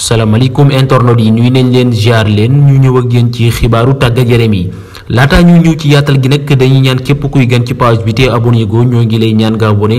salaamaaleykum internet yi ñuy nañ leen jaar leen ñu ñëw ak ci xibaaru tàggat yaram yi laataa ñu ñëw ci yaatal gi nag dañuy ñaan képp kuy gan ci page bi te abonné go ñoo ngi lay ñaan nga abonné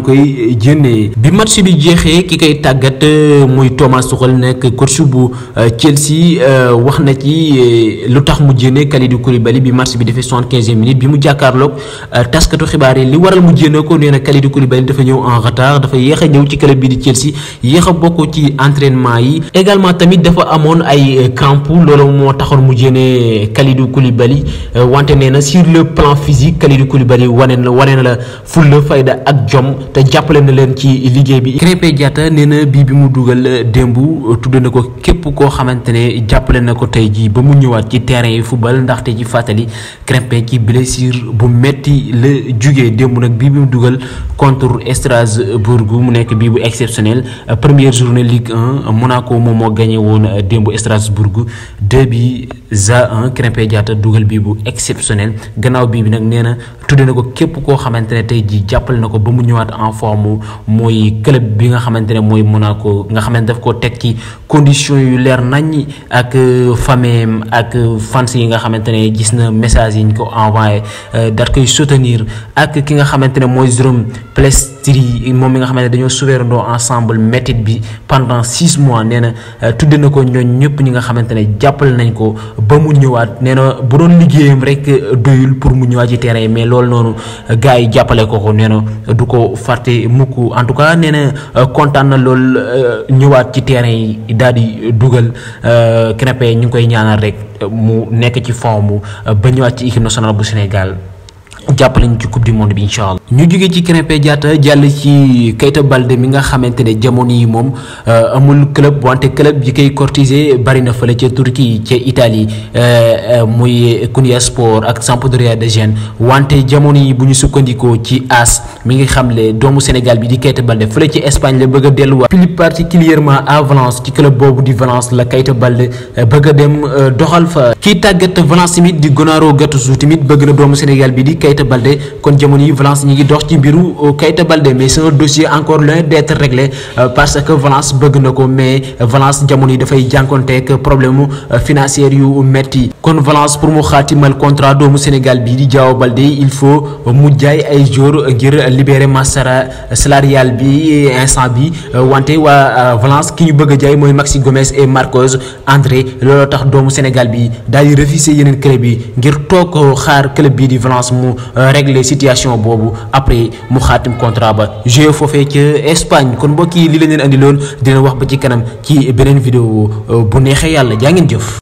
ñu koy jénnee bi match bi jeexee ki koy tàggat ñett muy Thomas Tuchel nek coach bu euh, Chelsea euh, wax na ci euh, lutax tax mu jéene Kalidou Koulibaly bi match bi defee 75e minute bi mu jakarlo taskatu xibaar yi li waral mu ko neena Kalidou Koulibaly dafa ñëw en retard dafa yexé a ci club bi di Chelsea yexa a ci entraînement yi également tamit dafa amone ay cramp loolu mo taxoon mu Kalidou Koulibaly wante nee na sur le plan physique Kalidou Koulibaly wanen na wane na la fulla fayda ak jom te jàppale na ci ligue bi Krépin Diatta na bi bi mu dugal euh, démb euh, tudd na ko képp koo xamante ne jàppale na ko tey jii ba mu ñëwaat ci terrain yi football ndaxte ci fàttali Krépin ci blessure bu metti la jugee démb nag bii bi mu dugal contre Strasbourg mu nekk bii bu exceptionnel euh, première journée Ligue 1 Monaco moom moo gagné woon démb Strasbourg deux bi za 1 Krépin dugal bii bu exceptionnel gannaaw bii bi nag nee tudde na ko képp koo xamante ne tey jàppale na ko ba mu ñëwaat en ne mooy Monaco nga xamante daf koo teg ci condition yu leer nañ ak euh, fameem euh, yi nga xamante ne gis na message yi ko envoyé euh, daat koy ak ki nga xamante ne mooy Jérôme Plessis moom mi nga xamante ne dañoo souverandoo ensemble métit bi pendant six mois nee na tudde na ko ñooñ ñëpp ñi nga xamante ne jàppale nañ ba doon liggéeyam rek doyul pour mu ñëwaat ci terrain mais loolu loolu noonu gars yi jàppale ko ko nee na du ko fàtte mukk en tout cas nee na euh, kontaan na loolu euh, ñëwaat ci terrain yi daal di dugal euh, Krépin ñu ngi koy ñaanal rek mu nekk ci forme ba ñëwaat ci équipe nationale bu Sénégal. jàppale ñu ci coupe du monde bi incha allah. ñu jógee ci Krépin Diatta jàll ci Keita Baldé mi nga xamante ne jamono yi moom euh, amul club wante club yi koy courtiser bari na fële ca Turquie ca Italie euh, euh, muy Konyaspor ak Sampdoria de Gênes wante jamono yi bu ñu sukkandikoo ci AS mi ngi xamle doomu Sénégal bi di Keita Baldé fële ci Espagne la bëgg a delluwaat. plus particulièrement à Valence ci club boobu di Valence la Keita Baldé bëgg a dem doxal fa. kii tàggat Valence tamit di Gennaro Gattuso Keita Baldé kon jëmoni Valence ñi ngi dox ci biiru euh, Keita Balde mais ce dossier encore l'un d'être réglé euh, parce que Valence bëgg na mais Valence da fay jankonté ak problème euh, financier yu metti kon Valence pour mu xaatimal contrat doomu Sénégal bi di Diao Balde il faut mu jaay ay jour ngir libérer masse salariale bi instant bi wante wa Valence ki ñu bëgg jaay moy Maxi Gomez et Marcos André lolo tax doomu Sénégal bi d'ailleurs di refuser yeneen club bi ngir tok xaar club bi di Valence mu Euh, régler situation boobu après mu xaatim contrat ba joué foofee ca Espagne kon mbokk yi li leen leen andi dina wax ba ci kanam ci beneen vidéo euh, bu neexee yàlla jaa ngeen jëf